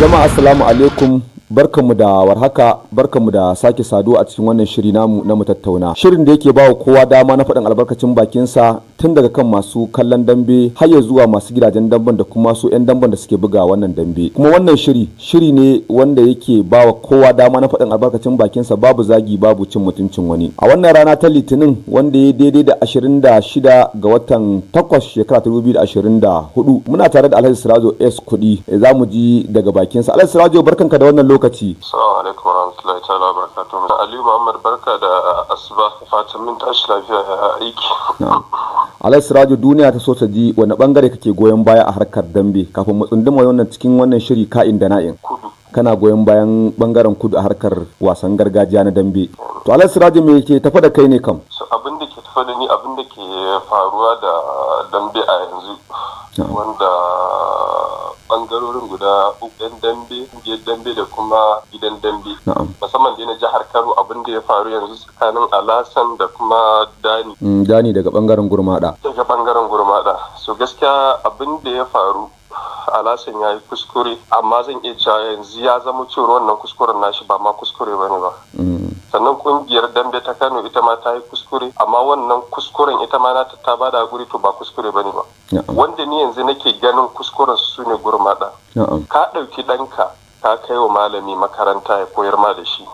jama'a assalamu alaikum barkanmu da warhaka barkanmu da sake saduwa a cikin wannan shiri namu na mutattauna shirin da yake bawa kowa dama na faɗin albarkacin bakinsa tun daga kan masu kallon dambe har ya zuwa masu gidajen damben da kuma su 'yan damben da suke buga wannan dambe kuma wannan shiri shiri ne wanda yake bawa kowa dama na faɗin albarkacin bakinsa babu zagi babu cin mutuncin wani a wannan rana ta litinin wanda ya daidai da 26 ga watan 8 shekara 2024 muna tare da alhaji sirajo s kuɗi e, za mu ji daga bakinsa alhaji sirajo barkanka da wannan lokaci. Assalamu alaikum warahmatullahi ta'ala Aliyu Muhammad barka da asuba fatan min tashi lafiya ya aiki. Alai duniya ta so ta ji wani bangare kake goyon baya a harkar dambe kafin mu tsunduma wannan cikin wannan shiri ka'in da na'in. Kudu. kana goyon bayan bangaren kudu a harkar wasan gargajiya na dambe to alai siraju me ke tafa da kai ne kam abin da ke tafa da ni abin da ke faruwa da dambe a yanzu wanda bangarorin guda ɗan dambe kungiyar dambe da kuma gidan dambe musamman dai na jihar kano abin da ya faru yanzu tsakanin alasan da kuma dani mm, dani daga bangaren gurmada daga bangaren gurmada so gaskiya abin da ya faru alasan ya yi kuskure amma zan iya cewa yanzu ya zama cewa wannan kuskuren nashi ba ma kuskure ba ne mm. ba sannan kungiyar dambe ta kano ita ma ta yi kuskure amma wannan kuskuren ita ma nata ta bada guri to ba kuskure ba ne ba wanda ni yanzu nake ganin kuskuren su ne gurmada ka ɗauki ɗanka ka kai wa malami makaranta ya koyar ma da shi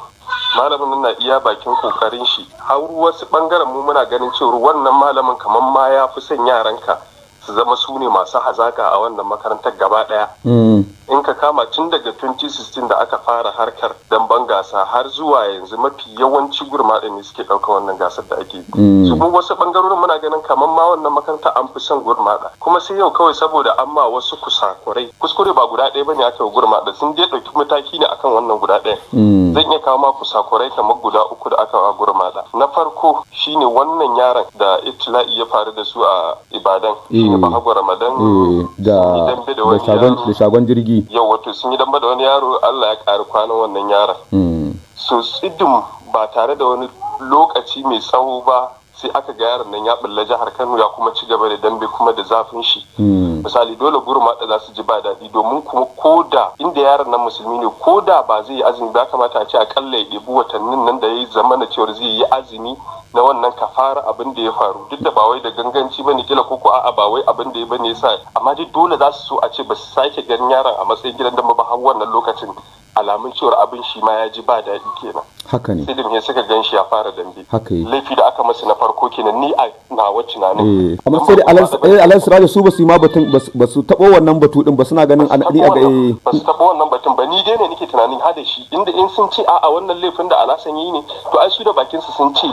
malamin na iya bakin kokarin shi har wasu bangaren mu muna ganin cewa wannan malamin kamar ma ya fi son yaranka su zama su ne masu hazaka a wannan makarantar gaba ɗaya mm. in ka kama tun daga 2016 da aka fara harkar damban gasa har zuwa yanzu mafi yawanci gurmaɗa ne suke ɗauka wannan gasar da ake mm. su wasu ɓangarorin muna ganin kamar ma wannan makaranta an fi son gurmaɗa kuma sai yau kawai saboda an ma wasu kusakurai kuskure ba guda ɗaya bane aka yi gurmaɗa sun je ɗauki mataki ne akan wannan guda ɗaya mm. zan iya kawo ma kusakurai kamar guda uku da aka wa gurmaɗa na farko shine wannan yaran da itilai ya faru da su a ibadan shine mm. hagu ramadan eh, da shagon jirgi yi yau wato sun yi damba da wani yaro Allah ya ƙari kwanan wannan yaron hmm. so tsidin ba tare da wani lokaci mai tsawo ba sai aka ga yaron nan ya bulla jihar Kano ya kuma ci gaba da dambe kuma da zafin shi hmm. misali dole da za su ji ba daɗi domin kuma ko da inda yaron nan musulmi ne ko da ba zai yi azumi ba kamata a ce akalla ya ɗebi watannin nan da ya yi zamana cewar zai yi azumi na wannan kafara abin da ya faru duk da ba wai da ganganci ba ne kila koko a'a ba wai abin da ya bane ya sa amma dai dole za su so a ce ba su sake ganin yaron a matsayin gidan dama ba har wannan lokacin alamun cewar abin shi ma ya ji ba daɗi kenan haka ne Filin ya suka gan shi ya fara dambe haka yi laifi da aka masa na farko kenan ni a nawa tunanin eh, amma sai da alan siraja su basu yi ma batun ba su taɓo wannan batu din ba suna ganin ni a ga eh. ba su taɓo wannan batun ba ni dai ne nake tunanin hada shi inda in sun ce a'a wannan laifin da alasan yi ne to ai su da bakin su sun ce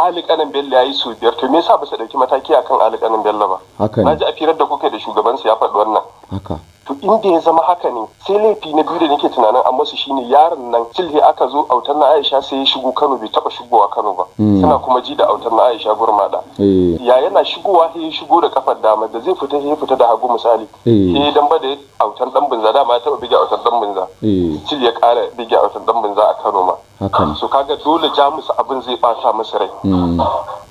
Ali Kanan Bello ya yi su biyar to me yasa ba su ɗauki mataki akan Ali Kanan Bello ba haka ne na ji a firar da kuka da shugabansu ya faɗi wannan haka to da ya zama haka ne sai laifi na biyu da nake tunanin amma masu shine yaron nan silhe aka zo autar na aisha sai ya shigo kano bai taba shigowa kano ba hmm. suna kuma ji da autar na aisha gurmada eh. ya yana shigowa sai ya shigo da kafar dama da zai fita sai ya fita da hagu misali sai eh. ya ba da autar dan binza dama ya taba bige autar dan binza silhe eh. ya kara bige autar dan binza a kano ma so kaga dole Jamus musu abin zai bata musu rai hmm.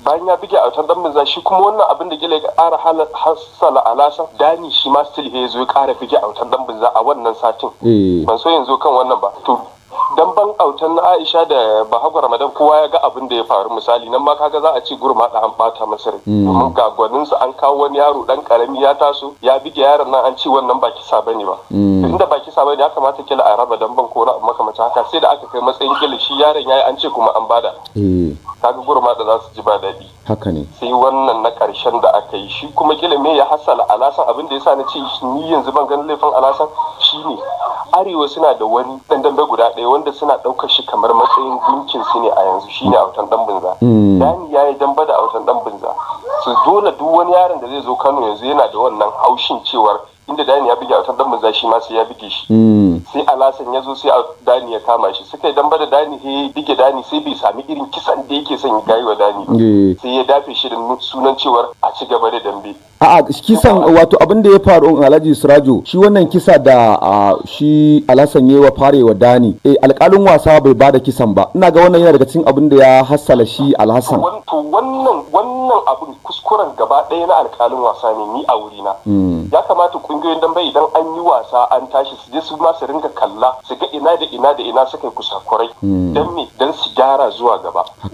bayan ya bige a wutar dan banza shi kuma wannan abin da gila ya kara hassala alasa dani shi ma still ya zo ya kara bige a wutar dan banza a wannan satin eh. ban so yanzu kan wannan ba to dan ban autan na Aisha da Bahagu Ramadan kowa ya ga abin da ya faru misali nan ma kaga za a ce gurma da an bata masa rai mun mm. ga gwanin su an kawo wani yaro dan karami ya taso ya bige yaron nan an ce wannan ba kisa bane ba inda mm. ba kisa bane ya kamata kila a raba dan ban ko na makamata haka sai da aka kai matsayin kila shi yaron yayi an ce kuma an bada mm. kaga gurma da za su ji ba daɗi haka ne sai wannan na karshen da aka yi shi kuma kila me ya hasala alasan abin da yasa na ce ni yanzu ban ganin laifin alasan ne arewa suna da wani dan guda ɗaya wanda suna ɗaukar shi kamar matsayin gunkin su ne a yanzu Shi shine wutan dan binza. Hmm. dani ya yi damba da autan dan binza. su dole duk wani yaron da zai zo kano yanzu yana da wannan haushin cewar inda dani ya bige autan dan binza shi ma sai ya buge shi hmm. sai alasan ya zo sai a dani ya kama shi suka yi damba da dani sai ya dige dani sai bai sami irin kisan da yake son ya wa dani eh. sai ya dafe shi da sunan cewar a ci gaba da dambe a'a kisan wato abin da ya faru alhaji surajo shi wannan kisa da shi alasan ya wa wa dani eh alƙalin wasa bai bada kisan ba ina ga wannan yana daga cikin abin da ya hassala shi alhassan wannan wannan abin kuskuren gaba ɗaya na alkalin wasa ne ni a wurina mm. ya kamata kungiyoyin dambe idan an yi wasa an tashi su je su ma su ringa kalla su ga ina da ina da ina suka yi kusakurai mm. don me don su gyara zuwa gaba a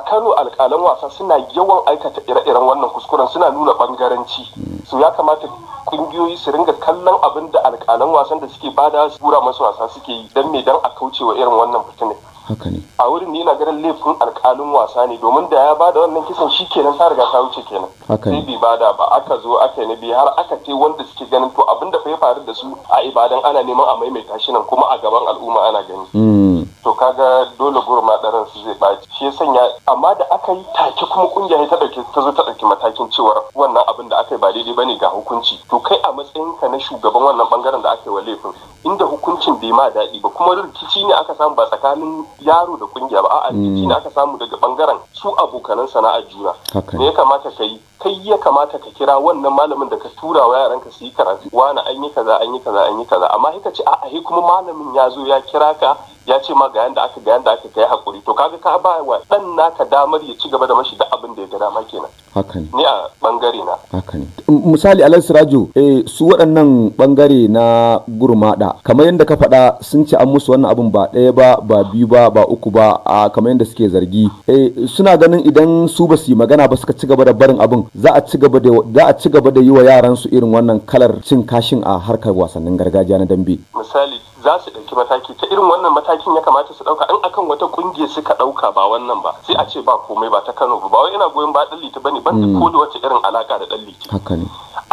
kano alkalan wasa suna yawan aikata ire-iren wannan kuskuren suna nuna bangaranci mm. so ya kamata ƙungiyoyi su ringa kallon abin da alkalan wasan da suke bada su masu wasa suke yi don me don a kaucewa irin wannan fitinar haka a wurin ne na ganin laifin alkalin wasa ne domin da ya bada wannan kisan shi kenan ta riga ta wuce kenan haka ne bai bada ba aka zo aka yi nabi har aka ce wanda suke ganin to abinda da ya faru da su a ibadan ana neman a maimaita shi nan kuma a gaban al'umma ana gani mm. to kaga dole gurma ɗaran su zai ɓaci shi ya sanya amma da aka yi take kuma kungiya ta ɗauki ta zo ta ɗauki matakin cewar wannan abin da aka yi ba daidai ba ne ga hukunci to kai a matsayinka na shugaban wannan bangaren da aka yi wa laifin inda hukuncin bai ma daɗi ba kuma rikici ne aka samu ba tsakanin yaro da kungiya ba a'a rikici ne mm. aka samu daga bangaren su abokanan sana'a juna me ya kamata ka yi kai ya kamata ka kira wannan malamin da ka tura wa yaran ka su yi karatu wani an yi kaza an yi kaza an yi kaza amma hika ce a'a kuma malamin ya zo ya kira ka ya ce ma ga yanda aka ga yanda aka kai hakuri to kaga ka ba wa dan naka damar ya ci gaba da mashi da abin da ya ga dama kenan haka ne ni a bangare na haka ne misali alal sirajo eh su waɗannan bangare na gurmada kamar yadda ka faɗa sun ci an musu wannan abin ba ɗaya ba ba biyu ba ba uku ba a kamar yadda suke zargi eh suna ganin idan su ba su yi magana ba suka ci gaba da barin abin za a ci gaba da za a ci gaba da yi wa yaran su irin wannan kalar cin kashin a harkar wasannin gargajiya na dambe misali za su ɗauki mataki ta irin wannan mataki matakin ya kamata su dauka in akan wata kungiyar suka dauka ba wannan ba sai a ce ba komai ba ta Kano ba wai ina goyon ba dalli ta bane ban mm. ko da wace irin alaka da dalli haka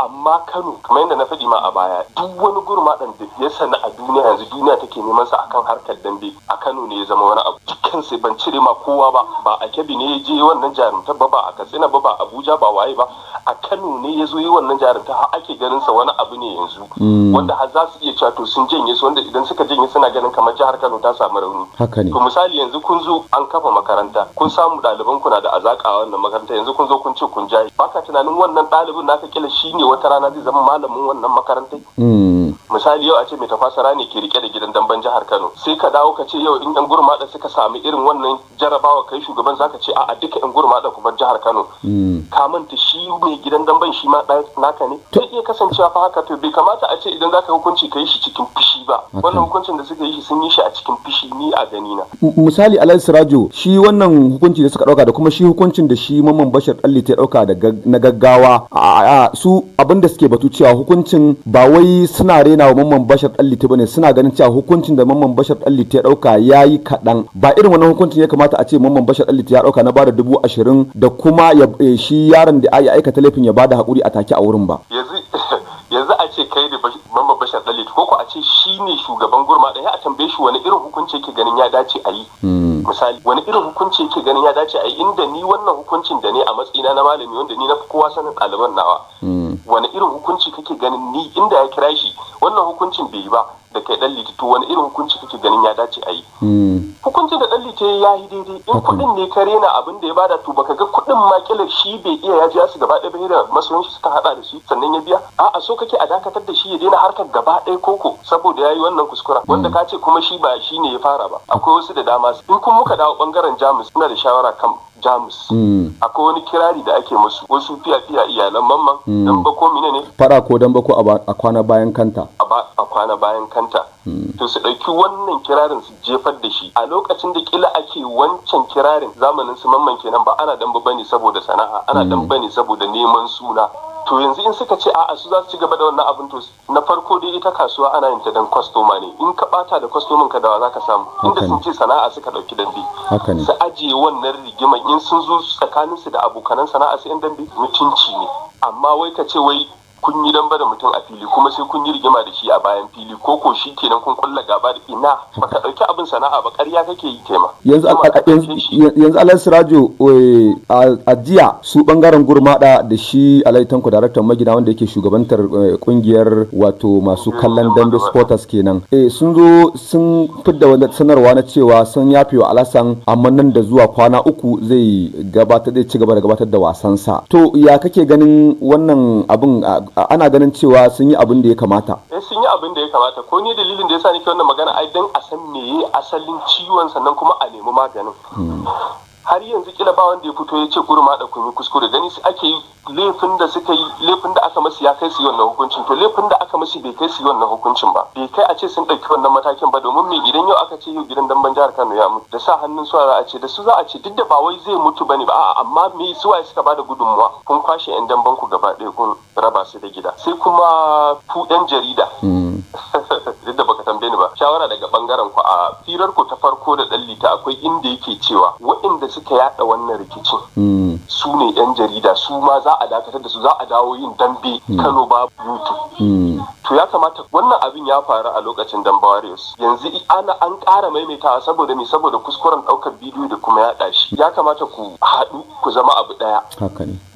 amma kano kamar yadda na faɗi ma a baya duk wani gurmaɗan da ya sana a duniya yanzu duniya take neman sa akan harkar dambe a kano ne ya zama wani abu dukkan sai ban cire ma kowa ba ba a kebbi ne ya je wannan jarumta ba ba a katsina ba ba abuja ba waye ba a kano ne ya zo yi wannan jarumta har ake ganin sa wani abu ne yanzu hmm. wanda har za su iya cewa to sun janye su wanda idan suka janye suna ganin kamar jihar kano ta samu rauni haka ne to misali yanzu kun zo an kafa makaranta kun samu ɗaliban kuna da azaƙa a wannan makaranta yanzu kun zo kun ce kun jaye baka tunanin wannan ɗalibin naka kila shine wata rana zai zama malamin wannan makarantar mm. misali yau a ce mai tafasara ne ke rike da gidan damben jihar Kano sai ka dawo ka ce yau in yan gurmada suka sami irin wannan jarabawa kai shugaban zaka ce a duka yan gurmada ku bar jihar Kano hmm. ka manta shi mai gidan damben shi ma naka ne To iya kasancewa fa haka to bai kamata a ce idan zaka hukunci kai shi cikin fishi ba wannan hukuncin da suka yi shi sun yi shi a cikin fishi ni a gani na misali Alhaji Sirajo shi wannan hukunci da suka dauka da kuma shi hukuncin da shi Mamman Bashir ɗalli ta dauka na gaggawa su abinda suke batu cewa hukuncin ba wai suna rena raina wa mamman bashar dan liti bane suna ganin cewa hukuncin da mamman bashar dan liti ya dauka yayi kadan ba irin wannan hukuncin ya kamata a ce mamman bashar dan liti ya dauka na bada dubu ashirin da kuma e, shi yaron da ya aikata laifin ya bada hakuri a take a wurin ba yanzu a ce kai da mamman bashar dan ko ko a ce shi ne shugaban gurma da ya tambaye shi wani irin hukunci yake ganin ya dace a yi hmm. misali wani irin hukunci yake ganin ya dace a yi inda ni wannan hukuncin da ne a matsayina na malami wanda ni na kowa sanin ɗaliban nawa hmm. wani irin hukunci kake ganin ni inda ya kira shi wannan hukuncin bai yi ba da kai dan litattu wani irin hukunci kake ganin ya dace a yi hmm. hukuncin da dan litattu ya yi daidai in kuɗin ne ka rena abin da ya bada to baka ga kuɗin ma kila shi bai iya ya jiya su gaba ɗaya bai da masoyan shi suka haɗa da shi sannan ya biya a'a so kake a dakatar da shi ya daina harkar gaba ɗaya koko saboda ya yi wannan kuskura wanda ka ce kuma shi ba shi ne ya fara ba akwai wasu da dama in kun muka dawo ɓangaren jamus ina da shawara kan jamus mm. akwai wani kirari da ake masu wasu fiya fiya iyalan mamman mm. dan bako mine ne fara ko dan bako a kwana bayan kanta a kwana bayan kanta mm. to su ɗauki wannan kirarin su jefar da shi a lokacin da kila ake wancan kirarin zamanin su mamman kenan ba ana dan bane saboda sana'a ana dan bane saboda neman suna to yanzu in suka ce a'a su za su ci gaba da wannan abin to na farko dai ita kasuwa ana yin ta dan kwastoma ne in ka bata da kwastomin ka za zaka samu inda sun ce sana'a suka dauki dambe su ajiye wannan rigima, in sun zo tsakanin su da abokanan sana'a su yan dambe mutunci ne amma wai ka ce wai kun yi damba da mutum a fili kuma sai kun yi rigima da shi a bayan fili ko ko shi kenan kun kulla gaba da ina baka dauki abin sana'a ba ƙarya kake yi kema yanzu alai sirajo eh, a jiya su bangaren gurmada da shi alai tanko daraktan magina wanda yake shugabantar kungiyar eh, wato masu mm, kallon dambe supporters kenan eh sun zo sun fidda wani sanarwa na cewa sun yafe wa alasan amma nan da zuwa kwana uku zai gabatar da ci gaba da gabatar da wasansa to ya kake ganin wannan abin ana ganin cewa sun yi abin da ya kamata eh, sun yi abin da ya kamata ko ne dalilin da ya sa nake wannan magana ai dan a san meye asalin ciwon sannan kuma a nemi maganin hmm. har yanzu kila ba wanda ya fito ya ce kurma da kun kuskure gani su ake yi laifin da suka yi laifin da aka masu ya kai su wannan hukuncin to laifin da aka masu bai kai su wannan hukuncin ba bai kai a ce sun ɗauki wannan matakin ba domin me idan yau aka ce yau gidan damban jihar Kano ya mutu da sa hannun su za a ce da su za a ce duk da ba wai zai mutu bane ba a'a amma me su waye suka bada gudunmuwa kun kwashe yan damban ku gaba ɗaya kun raba su da gida sai kuma ku yan jarida hmm. duk da baka tambaye ni ba shawara daga bangaren ku a firar ku ta farko da dan lita akwai inda yake cewa waɗanda suka yada wannan rikicin hmm. su ne yan jarida su ma za a dakatar da su za a dawo yin dambe hmm. Kano babu YouTube hmm. to ya kamata wannan abin ya faru a lokacin Bawarius yanzu ana an ƙara maimaitawa saboda me saboda kuskuren ɗaukar bidiyo da kuma yaɗa shi ya kamata ku haɗu ku zama abu ɗaya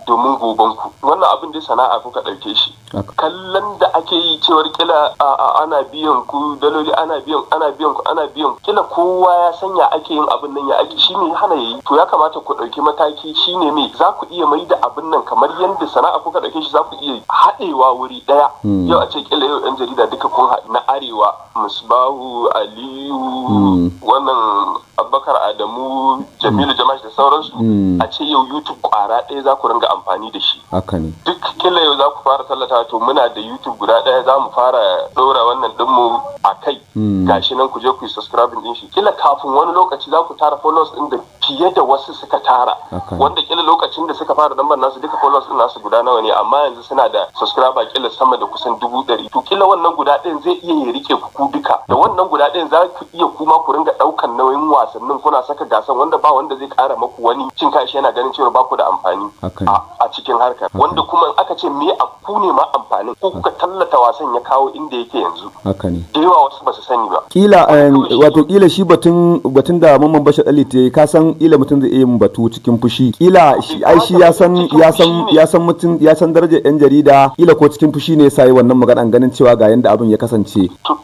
domin gobanku wannan abin da sana'a kuka ɗauke shi kallon da ake yi cewar kila ana biyan ku daloli ana biyan ana biyan ku ana biyan ku. kila kowa ya sanya ake yin abin nan ya ake ne hana yayi to ya kamata ku ɗauki mataki shi ne me za ku iya mai da abin nan kamar yadda sana'a kuka ɗauke shi za ku iya haɗewa wuri ɗaya hmm. yau a ce kila yau yan jarida duka kun haɗu na arewa musbahu aliyu hmm. wannan abubakar adamu jamilu jama'a da sauransu hmm. a ce yau youtube kwara ɗaya za ku ringa amfani da shi haka ne duk kila yau za ku fara tallata to muna da youtube guda ɗaya za mu fara ɗora wannan ɗinmu a kai hmm. gashi nan ku je ku yi subscribing din shi kila kafin wani lokaci za ku tara followers ɗin da fiye da wasu suka tara wanda kila lokacin da suka fara dambar nasu duka followers din nasu guda nawa ne amma yanzu suna da subscriber kila sama da kusan dubu ɗari to kila wannan guda ɗin zai iya ya rike ku duka da wannan guda ɗin za ku iya kuma ku ringa ɗaukan nauyin wasannin kuna saka gasan wanda ba wanda zai ƙara maku wani cin kashi yana ganin cewa ba ku da amfani a cikin harkar wanda kuma aka ce me a ku ne ma amfanin ko kuka tallata wasan ya kawo inda yake yanzu da yawa wasu ba su sani ba kila wato kila shi batun batun da mamman bashar ali ta ka san kila mutum zai yin batu cikin fushi kila ai shi ya san ya san ya san mutum ya san darajar yan jarida kila ko cikin fushi ne yi wannan maganan ganin cewa ga yanda abin ya kasance to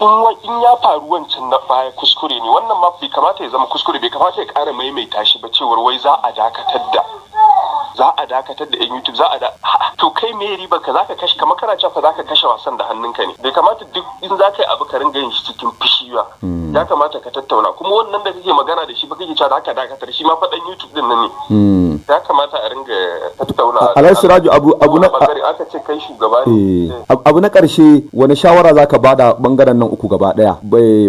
in ya faru wancan na baya kuskure ne wannan ma bai kamata ya zama kuskure bai kamata ya kara maimaita shi ba cewar wai za a dakatar da za a dakatar da yan youtube za a da to kai me riba ka zaka kashe kamar kana cewa zaka kashe wasan da hannunka ne bai kamata duk in za ka yi abu ka ringa yin shi cikin fushi ba hmm. ya kamata ka tattauna kuma wannan da kake magana da shi ba kake cewa ka dakatar shi ma fadan youtube din nan ne hmm. ya kamata a ringa tattauna alai siraju abu abu na aka ce kai shugaba ne eh, abu na karshe wani shawara zaka bada bangaren nan uku gaba daya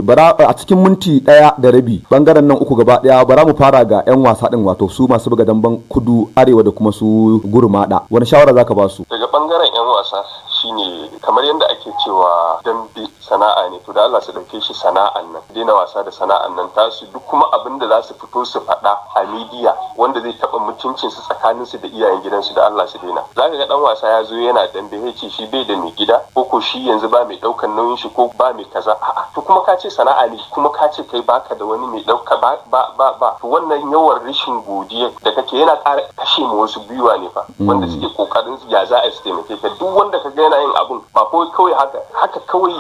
bara a cikin minti daya da rabi bangaren nan uku gaba daya bara mu fara ga yan wasa din wato su masu buga damban kudu arewa da kuma su gurmada wani shawara zaka ba su daga bangaren yan wasa shine kamar yadda ake cewa dambe sana'a ne to da Allah su dauke shi sana'an nan daina wasa da sana'an nan tasu duk kuma abin da za su fito su faɗa a midiya wanda zai taba mutuncin su tsakanin su da iyayen gidansu da Allah su daina zaka ga dan wasa ya zo yana dambe ya ce shi bai da mai gida ko ko shi yanzu ba mai ɗaukan nauyin shi ko ba mai kaza a'a to kuma ka ce sana'a ne kuma ka ce kai baka da wani mai ɗauka ba ba ba to wannan yawan rashin godiya da kake yana ƙara kashe wasu gwiwa ne fa wanda mm. suke kokarin ya za a su taimake ka duk wanda ka ga yana yin abun ba kawai haka haka kawai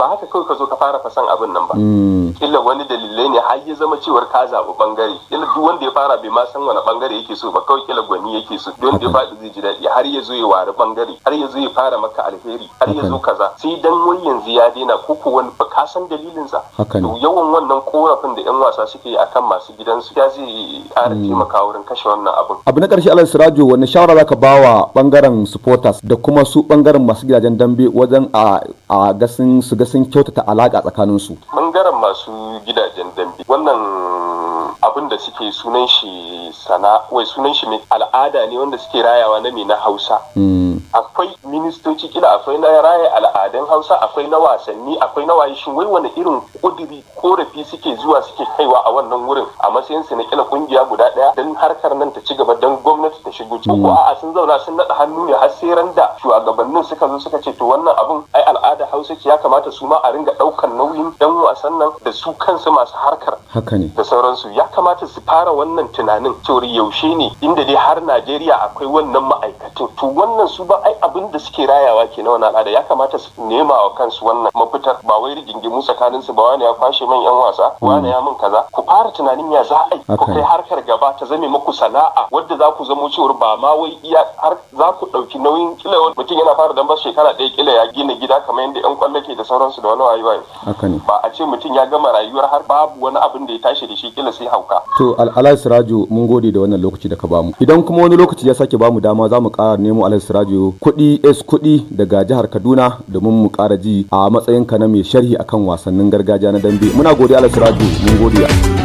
ba haka kawai ka zo ka fara fasan abin nan ba hmm. illa wani dalilai ne har ya zama cewar ka zaɓi bangare illa duk wanda ya fara bai ma san wani bangare yake so ba kawai kila gwani yake so don da ya faɗi zai ji daɗi har ya zo ya wari bangare har ya zo ya fara maka alheri har ya zo kaza sai dan wai yanzu ya daina ko ko wani ba ka san dalilin to yawan wannan korafin da yan wasa suke yi akan masu gidansu ya zai ƙara hmm. taimaka wurin kashe wannan abin abu na ƙarshe alal sirajo wani shawara zaka wa bangaren supporters da kuma su bangaren masu gidajen dambe wajen a gasin su sun kyautata alaƙa tsakaninsu. Bangaren masu gidajen dambe wannan abin da suke sunan shi sana'a wai sunan shi al'ada ne wanda suke rayawa na na Hausa. Mm. Akwai ministoci kila akwai na raya al'adun hausa akwai na wasanni akwai na waye shin wai wani irin kudiri korafi suke zuwa suke kaiwa a wannan wurin a matsayin su na kila kungiya guda daya don harkar nan ta ci gaba don gwamnati ta shigo ko a'a sun zauna sun naɗa hannu ne har sai ran da shugabannin suka zo suka ce to wannan abun ai al'ada hausa ce ya kamata su ma a ringa ɗaukan nauyin dan wasan nan da su kansu masu harkar haka ne da sauransu ya kamata su fara wannan tunanin cewar yaushe ne inda dai har Najeriya akwai wannan ma'aikatan to wannan su ba ai abin da suke rayawa ke na wannan al'ada ya kamata su nema wa kansu wannan mafitar ba wai rigingimu tsakanin su ba wani ya kwashe man yan wasa wani ya min kaza ku fara tunanin ya za a yi ku kai harkar gaba ta zame muku sana'a wadda za ku zamo cewar ba ma wai iya har za ku ɗauki nauyin kila mutum yana fara dan shekara ɗaya kila ya gina gida kamar yadda yan kwallo ke da sauransu da wani wayi wayi ba a ce mutum ya gama rayuwar har babu wani abin da ya tashi da shi kila sai hauka to al'alai sirajo mun gode da wannan lokaci da ka bamu idan kuma wani lokaci ya sake bamu dama za mu kara nemo al'alai sirajo kuɗi S kuɗi daga jihar Kaduna domin mu ƙara ji a matsayinka na mai sharhi akan wasannin gargajiya na dambe. Muna godiya Alhaji mun godiya.